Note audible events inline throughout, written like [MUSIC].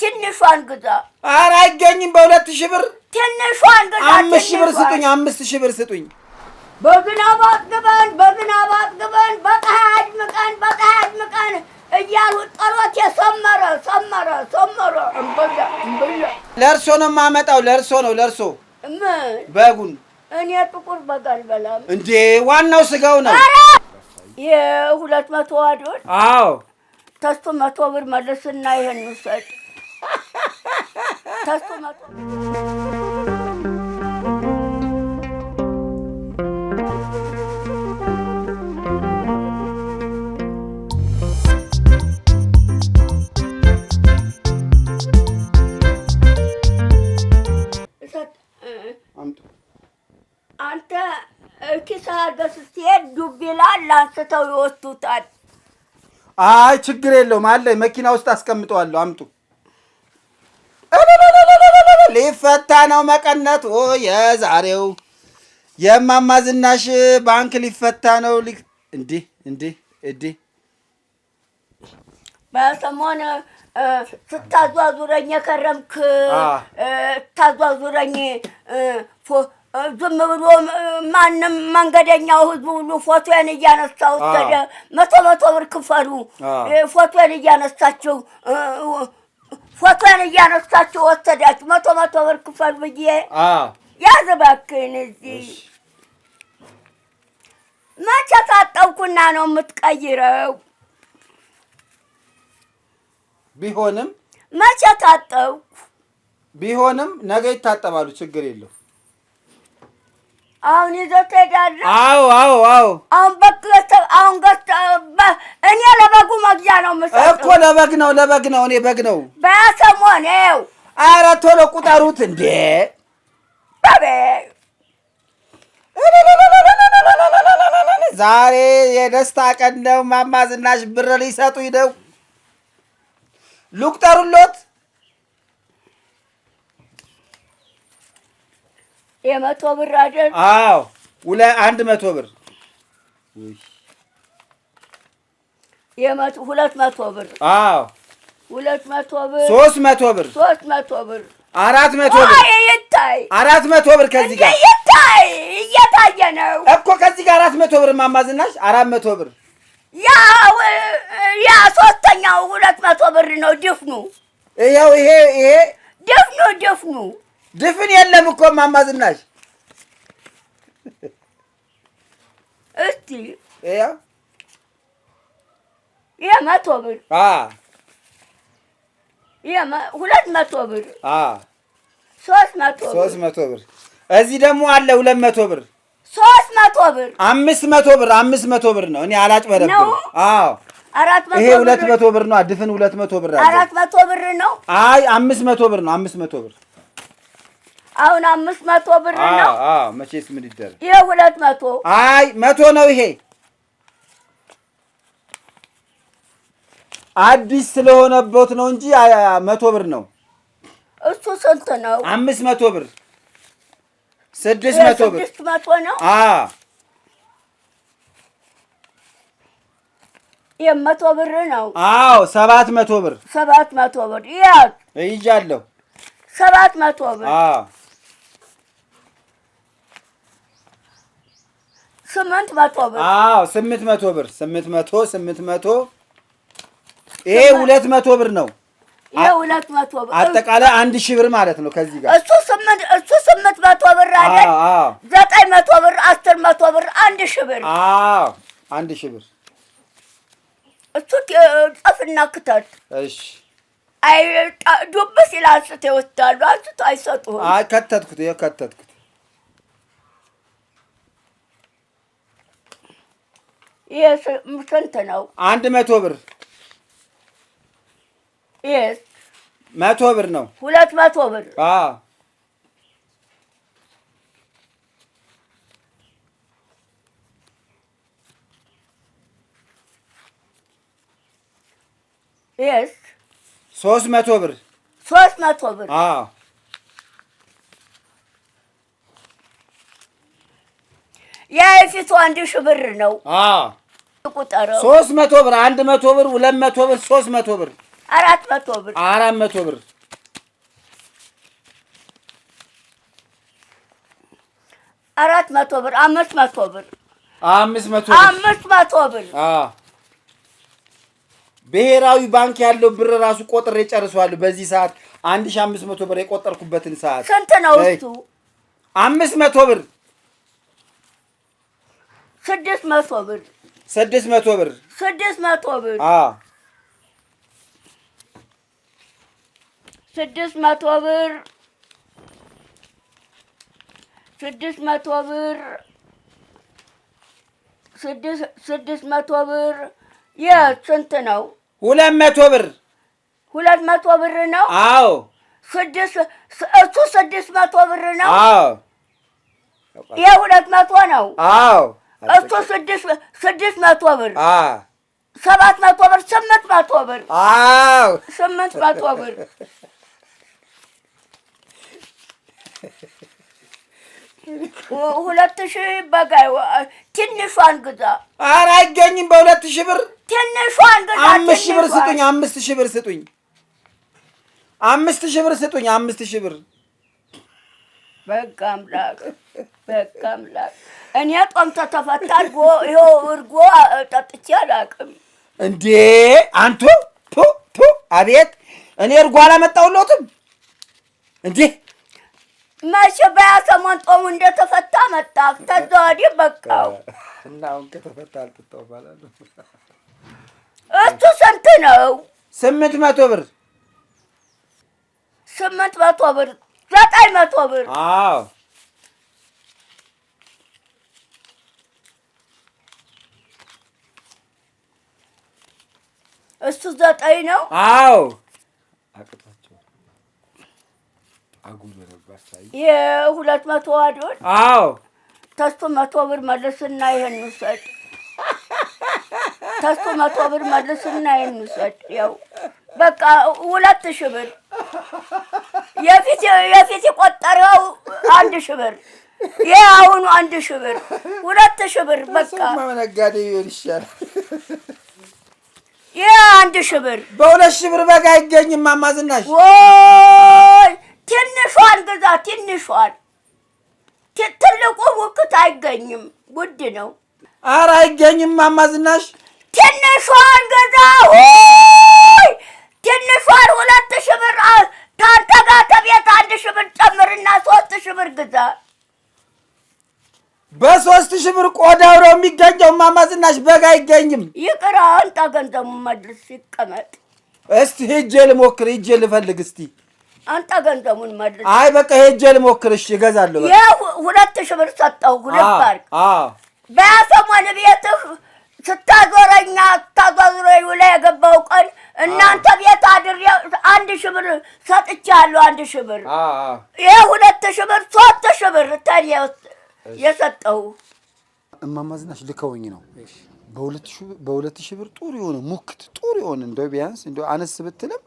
ትንሿን ግዛ። ኧረ አይገኝም። በሁለት ሺህ ብር ትንሿን ግዛ። አምስት ሺህ ብር ስጡኝ። አምስት ሺህ ብር ስጡኝ። በዝናብ አጥግበን፣ በዝናብ አጥግበን፣ በፀሐይ አድምቀን፣ በፀሐይ አድምቀን እያሉ ጠሎት የሰመረ ሰመረ ሰመረ። እምብላ እምብላ። ለእርሶ ነው የማመጣው። ለእርሶ ነው ለእርሶ። ምን በጉን እኔ ጥቁር በግ አልበላም እንዴ! ዋናው ስጋው ነው። የሁለት መቶ አዶን። አዎ ተስቱ መቶ ብር መልስና ይሄን ውሰድ። ተስቶመጡ አንተ ኪሳ ገስ ስትሄድ ዱብ ይላል። አንስተው ይወስዱታል። አይ ችግር የለውም አለ መኪና ውስጥ አስቀምጠዋለሁ። አምጡ ሊፈታ ነው መቀነቱ የዛሬው የእማማ ዝናሽ ባንክ ሊፈታ ነው። እንዲህ እንዲህ እንዲህ በሰሞን ስታዟዙረኝ የከረምክ ስታዟዙረኝ ዝም ብሎ ማንም መንገደኛው ህዝቡ ሁሉ ፎቶን እያነሳ ወሰደ። መቶ መቶ ብር ክፈሉ ፎቶን እያነሳችው ፎቶን እያነሳችሁ ወሰዳችሁ። መቶ መቶ ብር ክፈል ብዬ ያዝ እባክህን። እዚህ መቼ ታጠብኩና ነው የምትቀይረው? ቢሆንም መቼ ታጠብኩ? ቢሆንም ነገ ይታጠባሉ። ችግር የለው። አሁን ይዘው ትሄዳለህ? አዎ አዎ አዎ። አሁን በቃ አሁን ገዝተህ ለበግ ነው ለበግ ነው እኔ በግ ነው በሰሞኔው። ኧረ ቶሎ ቁጠሩት እንዴ! ዛሬ የደስታ ቀን ነው። እማማ ዝናሽ ብር ሊሰጡ ይደው ልቁጠሩሎት። የመቶ ብር አይደል? አዎ፣ ውለ አንድ መቶ ብር የመቶ ሁለት መቶ ብር አዎ፣ ሁለት መቶ ብር ሶስት መቶ ብር ሶስት መቶ ብር አራት መቶ ብር ይታይ አራት መቶ ብር ከዚህ ጋር ይታይ እየታየ ነው እኮ ከዚህ ጋር አራት መቶ ብር ማማዝናሽ አራት መቶ ብር ያ ያ ሶስተኛው ሁለት መቶ ብር ነው ድፍኑ። ይኸው ይሄ ይሄ ድፍኑ ድፍኑ ድፍን የለም እኮ ማማዝናሽ እስቲ ይኸው ይሄ መቶ ብር ሁለት መቶ ብር ሶስት መቶ ብር እዚህ ደግሞ አለ ሁለት መቶ ብር ሶስት መቶ ብር አምስት መቶ ብር አምስት መቶ ብር ነው። እኔ አላጭበረብርም። አዎ ይሄ ሁለት መቶ ብር ነው። ድፍን ሁለት መቶ ብር አለ። አራት መቶ ብር ነው። አይ አምስት መቶ ብር ነው። አምስት መቶ ብር አሁን አምስት መቶ ብር ነው። አዎ መቼስ ምን ይደረግ። ይሄ ሁለት መቶ አይ መቶ ነው ይሄ አዲስ ስለሆነበት ነው እንጂ መቶ ብር ነው። እሱ ስንት ነው? አምስት መቶ ብር ስድስት መቶ ብር ስድስት መቶ ነው። የመቶ ብር ነው። አዎ ሰባት መቶ ብር ሰባት መቶ ብር ያዝ ይዣለሁ። ሰባት መቶ ብር ስምንት መቶ ብር አዎ ስምንት መቶ ብር ስምንት መቶ ስምንት መቶ ይሄ ሁለት መቶ ብር ነው። የሁለት መቶ ብር አጠቃላይ አንድ ሺህ ብር ማለት ነው። ከዚህ ጋር እሱ ስምንት እሱ ስምንት መቶ ብር አለ። ዘጠኝ መቶ ብር፣ አስር መቶ ብር፣ አንድ ሺህ ብር። አዎ አንድ ሺህ ብር እሱ ጸፍና ክተት። እሺ አይ ይወስዳሉ። አንስቶ አይሰጡህም። አይ ከተትኩት፣ ይኸው ከተትኩት። ይሄ ስንት ነው? አንድ መቶ ብር መቶ ብር ነው። ሁለት መቶ ብር ሶስት መቶ ብር ሶስት መቶ ብር የፊቱ አንድ ሺህ ብር ነው። ቁጠረው። ሶስት መቶ ብር አንድ መቶ ብር ሁለት መቶ ብር ሶስት መቶ ብር አራት መቶ ብር አራት መቶ ብር አራት መቶ ብር አምስት መቶ ብር አምስት መቶ አምስት መቶ ብር ብሔራዊ ባንክ ያለው ብር ራሱ ቆጥሬ ጨርሰዋለሁ። በዚህ ሰዓት አንድ ሺህ አምስት መቶ ብር የቆጠርኩበትን ሰዓት ስንት ነው እሱ? አምስት መቶ ብር ስድስት መቶ ብር ስድስት መቶ ብር ስድስት መቶ ብር ስድስት መቶ ብር ስድስት መቶ ብር ስድስት መቶ ብር የስንት ነው? ሁለት መቶ ብር ሁለት መቶ ብር ነው። አዎ ስድስት እሱ ስድስት መቶ ብር ነው። አዎ ይሄ ሁለት መቶ ነው። አዎ እሱ ስድስት ስድስት መቶ ብር ሰባት መቶ ብር ስምንት መቶ ብር አዎ ስምንት መቶ ብር ሁለት ሺህ በጋ ትንሿን ግዛ። ኧረ አይገኝም። በሁለት ሺህ ብር ትንሿን ግዛ። አምስት ሺህ ብር ስጡኝ። አምስት ሺህ ብር ስጡኝ። አምስት ሺህ ብር ስጡኝ። አምስት ሺህ ብር በቃ አምላክ፣ በቃ አምላክ። እኔ ጦም ተተፈታ እርጎ ይኸው እርጎ ጠጥቼ አላውቅም። እንዴ አንቱ ፑ ፑ! አቤት እኔ እርጎ አላመጣሁለትም እንዴ መቼ በያ ሰሞን ጦሙ እንደተፈታ መጣ። ተዛ ወዲህ በቃው እና አሁን ከተፈታ አልጥጣው ባላሉ እሱ ስንት ነው? ስምንት መቶ ብር ስምንት መቶ ብር ዘጠኝ መቶ ብር አዎ እሱ ዘጠኝ ነው። አዎ የሁለት መቶ አዶን አዎ ተስቱ መቶ ብር መልስና ይሄን ውሰድ። ተስቱ መቶ ብር መልስና ይሄን ውሰድ። ያው በቃ ሁለት ሺህ ብር የፊት የፊት የቆጠረው አንድ ሺህ ብር ይህ አሁኑ አንድ ሺህ ብር ሁለት ሺህ ብር በቃ ነጋዴ ይሆን ይሻላል። ይህ አንድ ሺህ ብር በሁለት ሺህ ብር በጋ አይገኝም። ማማዝናሽ ወይ ትንሿን ግዛ፣ ትንሿን ትልቁ ውክት አይገኝም፣ ውድ ነው። ኧረ አይገኝም። እማማ ዝናሽ ትንሿን ግዛ፣ ትንሿን ሁለት ሺህ ብር ታንተ ጋር ከቤት አንድ ሺህ ብር ጨምርና ሶስት ሺህ ብር ግዛ። በሶስት ሺህ ብር ቆዳው ነው የሚገኘው። ማማዝናሽ በጋ አይገኝም። ይቅር፣ አንተ ገንዘቡን መልስ ይቀመጥ። እስቲ ሂጄ ልሞክር፣ ሂጄ ልፈልግ እስቲ አንተ ገንዘቡን መልስ። አይ በቃ ሄጄ ልሞክር። እሺ እገዛለሁ። ሁለት ሺህ ብር ሰጠው። ጉልባርክ በያሰሞን ቤትህ ስታዞረኛ ስታዞረ ውላ የገባው ቀን እናንተ ቤት አድሬ አንድ ሺህ ብር ሰጥቻለሁ። አንድ ሺህ ብር ይሄ ሁለት ሺህ ብር ሶስት ሺህ ብር ተኔ የሰጠው እማማ ልከውኝ ነው። በሁለት ሺህ ብር ጥሩ የሆነ ሙክት ጥሩ የሆነ እንደው ቢያንስ እንደው አነስ ብትልም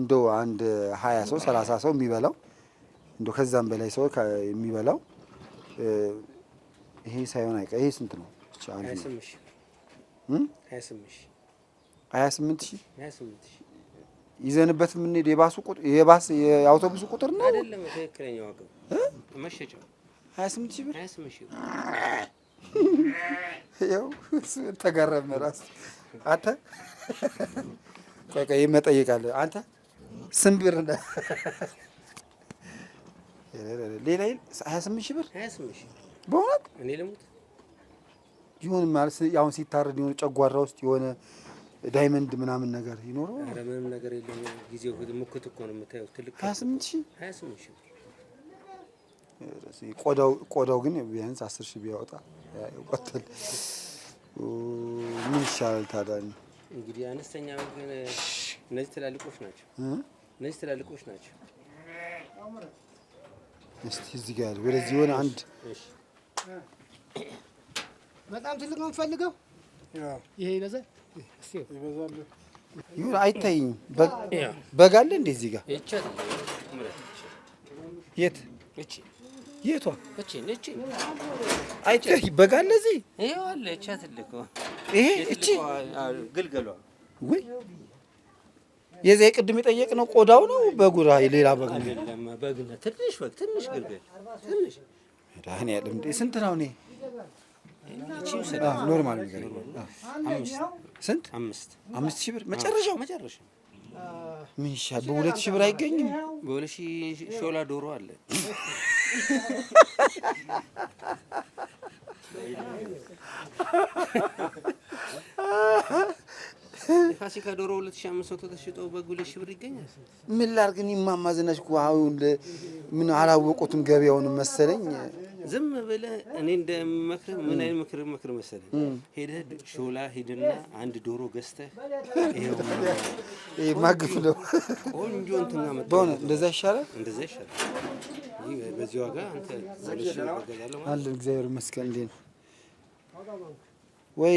እንዶ አንድ ሀያ ሰው ሰላሳ ሰው የሚበላው እንዶ ከዛም በላይ ሰው የሚበላው ይሄ ሳይሆን አይቀር ይሄ ስንት ነው? ሀያ ስምንት ሺህ ይዘንበት የምንሄድ የባሱ ቁጥር የባስ የአውቶቡሱ ቁጥር ነው አይደለም። ትክክለኛ ዋጋ መሸጫው ሀያ ስምንት ብር [LAUGHS] ያው ተገረመ ራሱ አንተ [LAUGHS] ቆይ ቆይ አለ አንተ ስንብር ሌላ ሀያ ስምንት ሺህ ብር በእውነት ይሁን ማለት አሁን ሲታረድ የሆነ ጨጓራ ውስጥ የሆነ ዳይመንድ ምናምን ነገር ይኖረው? ኧረ ምንም ነገር የለም። ጊዜው እኮ ነው የምታየው። ትልቅ ሀያ ስምንት ሺህ ሀያ ስምንት ሺህ ቆዳው ግን ቢያንስ አስር ሺህ ቢያወጣ ይቆጥል። ምን ይሻላል ታዲያ? እንግዲህ አነስተኛ እነዚህ ትላልቆች ናቸው። እነዚህ ትላልቆች ናቸው። እስቲ እዚህ ጋር ወደዚህ የሆነ አንድ በጣም ትልቅ ነው የምፈልገው። ይሄ ይበዛል ይሁን አይታይኝም። በግ አለ እንዴ እዚህ ጋር? የት የቷ አይታይ በግ አለ እዚህ? ይሄ ይሄ እቺ ግልገሏ ወይ የዚህ ቅድም የጠየቅ ነው ቆዳው ነው በጉራ ሌላ በግ ነው። ትንሽ በግ ትንሽ ግልገል ትንሽ ዳህን ያለም እንዴ ስንት ነው? እኔ ኖርማል ነገር ስንት አምስት አምስት ሺህ ብር መጨረሻው መጨረሻው ምን ይሻል? በሁለት ሺህ ብር አይገኝም። በሁለት ሺህ ሾላ ዶሮ አለ። ፋሲካ ዶሮ 2500 ተሽጦ በጉልሽ ብር ይገኛል። ምን ላድርግ እማማ ዝናሽ እኮ አሁን ምን አላወቁትም ገበያውን መሰለኝ። ዝም ብለህ እኔ እንደምመክርህ ምን አይነት ምክር ምክር መሰለህ፣ ሄደህ ሾላ ሂድና አንድ ዶሮ ገዝተህ ይሄው ማግፍ ነው ቆንጆ እንትን አመጣ። በእውነት እንደዛ ይሻላል፣ እንደዛ ይሻላል። በዚህ ዋጋ አንተ አለ እግዚአብሔር ይመስገን። እንዴ ነው ወይ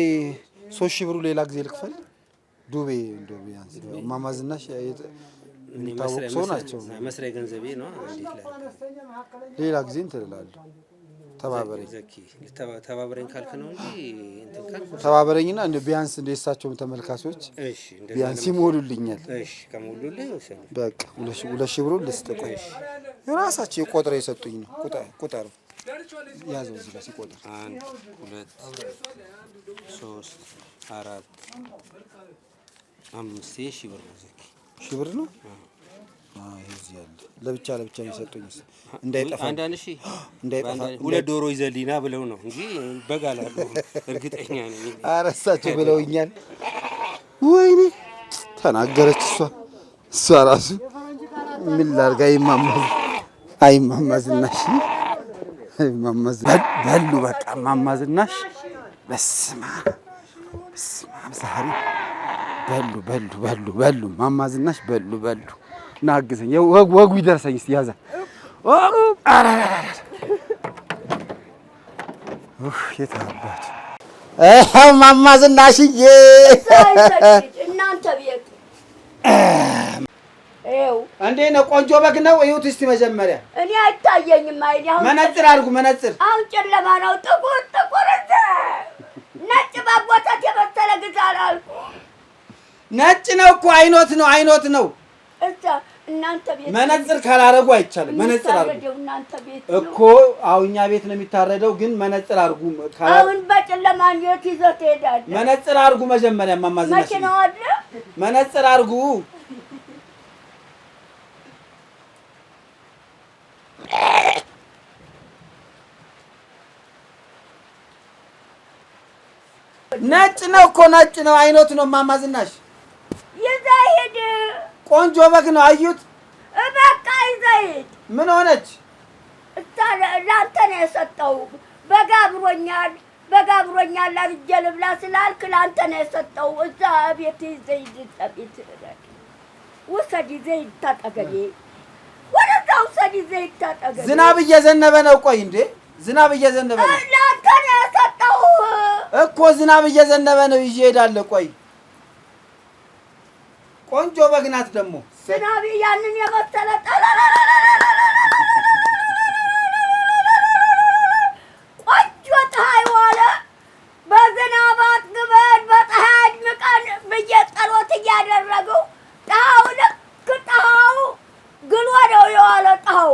ሶስት ሺህ ብሩ ሌላ ጊዜ ልክፈል ዱቤ እንደው ቢያንስ እማማ ዝናሽ የሚታወቅ ሰው ናቸው። መስሪያ ገንዘቤ ነው። ሌላ ጊዜ እንትን እላለሁ። ተባበረኝ ተባበረኝ ካልክ ነው እንጂ ተባበረኝና እንደ ቢያንስ እንደ እሳቸውም ተመልካቾች ቢያንስ ይሞሉልኛል። በቃ ሁለት ሺህ ብሩን ልስጥ። ቆይ የራሳቸው የቆጥረ የሰጡኝ ነው። ቁጠር ያዘው እዚህ ጋር ሲቆጥር አንድ ሁለት ሶስት አራት አምስት ሺህ ብር ነው። ሺህ ብር ነው። ለብቻ ለብቻ የሰጡኝ እንዳይጠፋ አንዳንድ ሺህ ሁለት ዶሮ ይዘሊና ብለው ነው እንጂ በግ አላሉ። እርግጠኛ ነኝ አረሳቸው ብለውኛል። ወይኔ ተናገረች እሷ እሷ ራሱ ምን ላድርግ? አይማማዝ አይማማዝናሽ አይማማዝ በሉ በቃ ማማዝናሽ በስማ በስማ ዛሬ በሉ በሉ በሉ በሉ ማማዝናሽ ዝናሽ በሉ በሉ ናግዘኝ አግዘኝ፣ ወጉ ይደርሰኝ እስኪ ያዘ። የት አባቱ እማማ ዝናሽዬ እንዴት ነው? ቆንጆ በግ ነው። እዩት እስቲ መጀመሪያ። እኔ አይታየኝም። አይ መነጽር አድርጉ፣ መነጽር። አሁን ጨለማ ነው። ጥቁር ጥቁር ነጭ የመሰለ ነጭ ነው እኮ አይኖት ነው አይኖት ነው። መነጽር ካላረጉ አይቻልም። መነጽር አርጉ እኮ አሁኛ ቤት ነው የሚታረደው፣ ግን መነጽር አርጉ። አሁን በጨለማ የት ይዘው ትሄዳለህ? መነጽር አርጉ መጀመሪያ። ማማዝናሽ መነጽር አርጉ። ነጭ ነው እኮ ነጭ ነው አይኖት ነው። ማማዝናሽ ቆንጆ በግ ነው። አዩት በቃ ይዘይድ ምን ሆነች? ለአንተ ነው የሰጠው። በጋብሮኛል በጋብሮኛል በግ አብሮኛል አርጄ ልብላ ስላልክ ለአንተ ነው የሰጠው። እዛ ቤት ዘይድ ቤት ውሰድ፣ ዘይድ ታጠገቤ፣ ወደዛ ውሰድ፣ ዘይድ ታጠገቤ። ዝናብ እየዘነበ ነው። ቆይ እንዴ ዝናብ እየዘነበ ነው። ለአንተ ነው የሰጠው እኮ ዝናብ እየዘነበ ነው። ይዤ እሄዳለሁ። ቆይ ቆንጆ በግ ናት። ደግሞ ዝናብ ያንን የበተለ ቆንጆ ፀሐይ ዋለ። በዝናብ አጥግበን በፀሐይ አድምቀን ብዬ ጸሎት እያደረገው ፀሐው ልክ ግሎ ነው የዋለ ፀሐው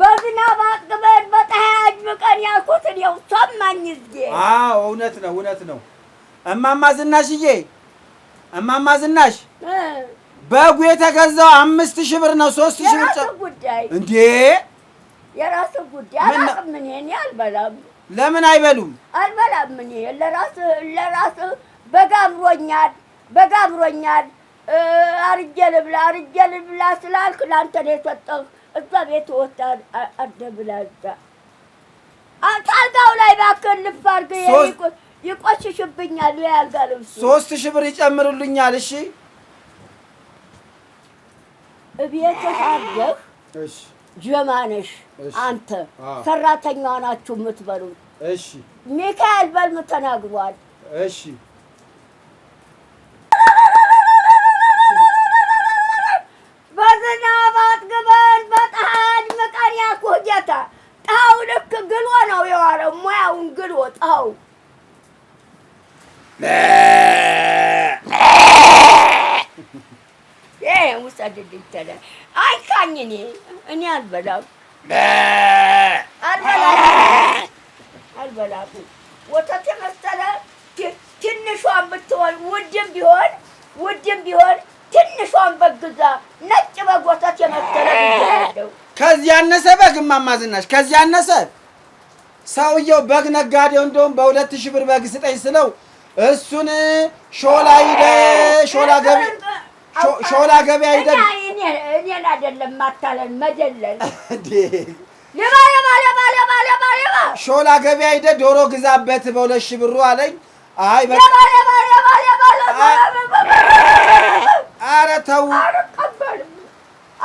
በዝናብ አጥግበን በፀሐይ አድምቀን ያልኩትን ይኸው ሰማኝ። እዝጌ አዎ፣ እውነት ነው፣ እውነት ነው። እማማ ዝናሽዬ፣ እማማ ዝናሽ በጉ የተገዛው አምስት ሺህ ብር ነው። ሶስት ሺህ ብር እንዴ የራስ ጉዳይ አላውቅም። ምን ይሄን አልበላም። ለምን አይበሉም? አልበላም። ምን ይሄ ለራስ ለራስ በጋብሮኛል፣ በጋብሮኛል አርጀ ልብላ አርጀ ልብላ ስላልክ ለአንተ ነው የሰጠሁት። እዛ ቤት ወጣ አደብላ እዛ አልጋው ላይ እባክህን ልፍ አድርገህ ይቆሽሽብኛል። የአልጋ ልብሱ ሶስት ሺህ ብር ይጨምሩልኛል። እሺ እቤትህ አድርገህ ጀማነሽ አንተ ሰራተኛዋ ናችሁ የምትበሉት። ሚካኤል በልም ተናግሯል። ልጅተለ አይካኝ እኔ እኔ አልበላም አልበላም ወተት የመሰለ ትንሿን ብትሆን ውድም ቢሆን ውድም ቢሆን ትንሿን በግ ግዛ። ነጭ በግ ወተት የመሰለ ብያለሁ። ከዚህ ያነሰ በግ እማማ ዝናሽ ከዚህ ያነሰ ሰውየው በግ ነጋዴው እንደውም በሁለት ሺህ ብር በግ ስጠኝ ስለው እሱን ሾላ ሂደ ሾላ ገቢ ሾላ ገበያ ሄደን እኔን አይደለም ማታለን መደለን ሾላ ገበያ ሄደህ ዶሮ ግዛበት በሁለት ሺህ ብሩ አለኝ። አይ ኧረ ተው አልቀበልም፣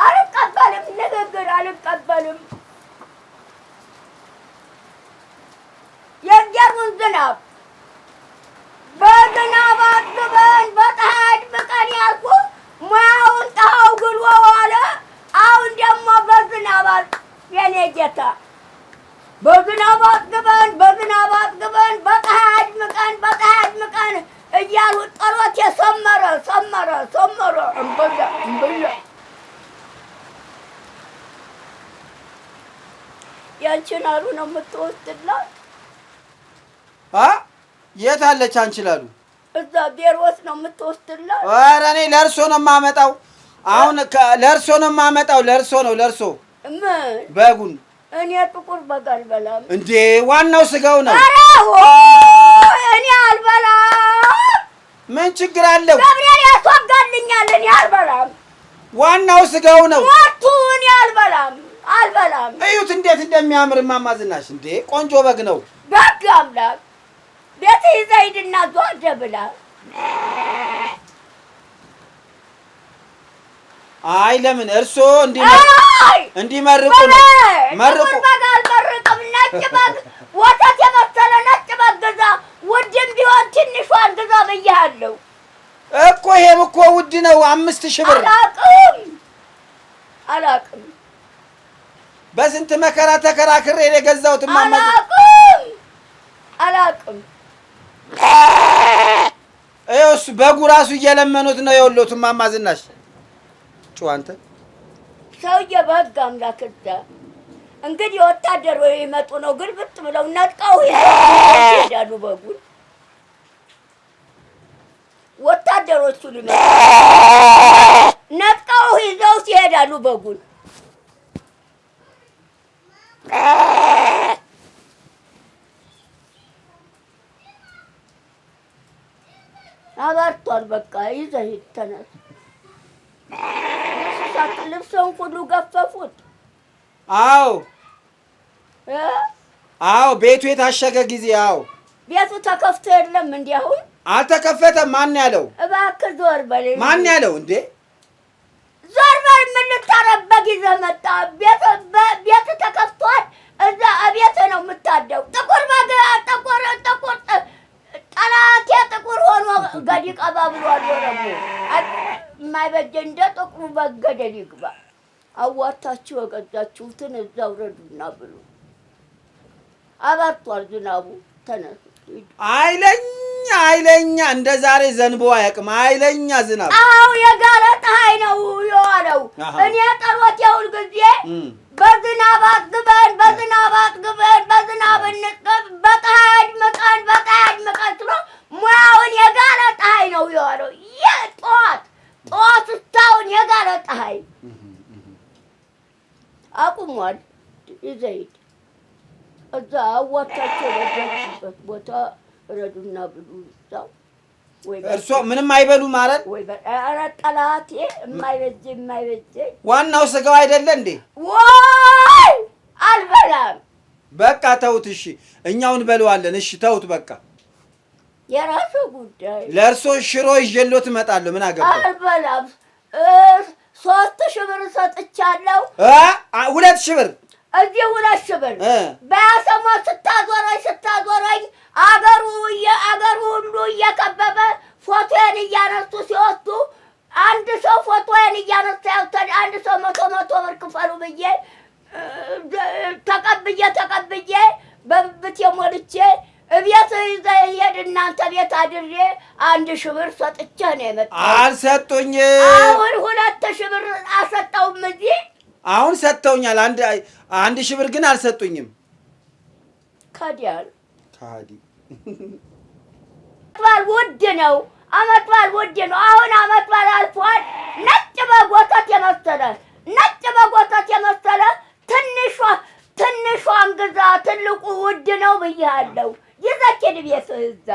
አልቀበልም፣ ንግግር አልቀበልም። የእግዚአብሔርን ዝናብ በዝናብ አጥበን በፀሐይ አድብቀን ያልኩህ ሙያውን ጣኸው ግን ዋለ። አሁን ደግሞ በዝናብ የኔ ጌታ በዝናብ አጥግበን በዝናብ አጥግበን በፀሐይ አድምቀን በፀሐይ አድምቀን እያሉ የሰመረ ሰመረ ሰመረ አሉ ነው የምትወስድላት የት አለች እዛ ቤሮስ ነው የምትወስድላት? ኧረ እኔ ለእርሶ ነው የማመጣው። አሁን ለእርሶ ነው የማመጣው። ለእርሶ ነው ለእርሶ። ምን በጉን? እኔ ጥቁር በግ አልበላም እንዴ። ዋናው ስጋው ነው። ኧረ እኔ አልበላም። ምን ችግር አለው? ገብርኤል ያስወጋልኛል። እኔ አልበላም። ዋናው ስጋው ነው። ሞቱ። እኔ አልበላም አልበላም። እዩት እንዴት እንደሚያምር ማማዝናሽ። እንዴ ቆንጆ በግ ነው። በግ አምላክ ቤት ይዘህ ሂድና ዟደ ብላ አይ ለምን እርሶ እንዲመርቁ መርቁ በግ አልመርቅም። ነጭ በግ ወተት የመሰለ ነጭ በግ ግዛ፣ ውድም ቢሆን ትንሿን ግዛ ብያለሁ እኮ። ይሄም እኮ ውድ ነው። አምስት ሺህ ብር አላቅም አላቅም። በስንት መከራ ተከራክሬ የገዛሁት አላቅም አላቅም። እሱ በጉ ራሱ እየለመኑት ነው የወሎቱ እማማ ዝናሽ ጩኸ አንተ ሰውዬ በህግ አምላክ እዛ እንግዲህ ወታደር ይመጡ ነው ግልብጥ ብለው ነጥቀው ይሄዳሉ። በጉን ወታደሮቹ ሊመጡ ነጥቀው ይዘው ይሄዳሉ በጉን አባርቷል። በቃ ይዘህ ተነስ። እንስሳት ልብሰውን ሁሉ ገፈፉት። አዎ አዎ፣ ቤቱ የታሸገ ጊዜ አዎ፣ ቤቱ ተከፍቶ የለም እንዲ አልተከፈተም። ማን ያለው? እባክህ ዞር በል። ማን ያለው? እንዴ ዞር በል። የምንታረበት ጊዜ መጣ። ቤት ተከፍቷል። እዛ ቤት ነው የምታደው። ጥቁር በግ ጥቁር ጥቁር ጠላቴ ጥቁር ሆኖ ገዲቃ ባብሏል። ወረቡ የማይበጀን እንደ ጥቁሩ በገደል ይግባ። አዋታችሁ የገዛችሁትን እዛው ረዱና ብሉ። አባርቷል ዝናቡ። ተነሱ አይለኛ አይለኛ፣ እንደ ዛሬ ዘንቦ አያውቅም። አይለኛ ዝናብ። አዎ የጋለ ፀሐይ ነው የዋለው። እኔ ጠሎት የሁል በዝናብ አጥግበን በዝናብ አጥግበን በዝናብ እንጠብ በፀሐይ አድምቀን በፀሐይ አድምቀን ስሎ ሙያውን የጋለ ፀሐይ ነው የሆነው። ይህ ጠዋት ጠዋት እስካሁን የጋለ ፀሐይ አቁሟል። ይዘይድ እዛ አዋታቸው ቦታ ረዱና ብሉ ይዛው እርሶ ምንም አይበሉ ማለት ኧረ ጠላቴ የማይበጀ የማይበጀ ዋናው ስጋው አይደለ እንዴ? ወይ አልበላም። በቃ ተውት። እሺ እኛው እንበለዋለን። እሺ ተውት በቃ የራሱ ጉዳይ። ለእርሶ ሽሮ ይዤሎት እመጣለሁ። ምን አገባ? አልበላም። ሶስት ሺህ ብር ሰጥቻለሁ። ሁለት ሺህ ብር እዚህ ውላሽበል በያሰማ ስታዞረኝ ስታዞረኝ አገሩ አገሩ ሁሉ እየከበበ ፎቶዬን እያነሱ ሲወስዱ አንድ ሰው ፎቶዬን እያነሳ ያውተን አንድ ሰው መቶ መቶ ብር ክፈሉ ብዬ ተቀብዬ ተቀብዬ በብብቴ ሞልቼ እቤት ይዘህ ሂድ እናንተ ቤት አድሬ አንድ ሺህ ብር ሰጥቼ ነው የመጣሁት። አልሰጡኝም። አሁን ሁለት ሺህ ብር አልሰጠውም እዚህ አሁን ሰጥተውኛል። አንድ ሺህ ብር ግን አልሰጡኝም። ከዲያል ካዲ ባል በዓል ውድ ነው። አመት በዓል ውድ ነው። አሁን አመት በዓል አልፏል። ነጭ በግ ወተት የመሰለ ነጭ በግ ወተት የመሰለ ትንሿ ትንሿን ግዛ፣ ትልቁ ውድ ነው ብያለሁ። ይዘህ ቤት እዛ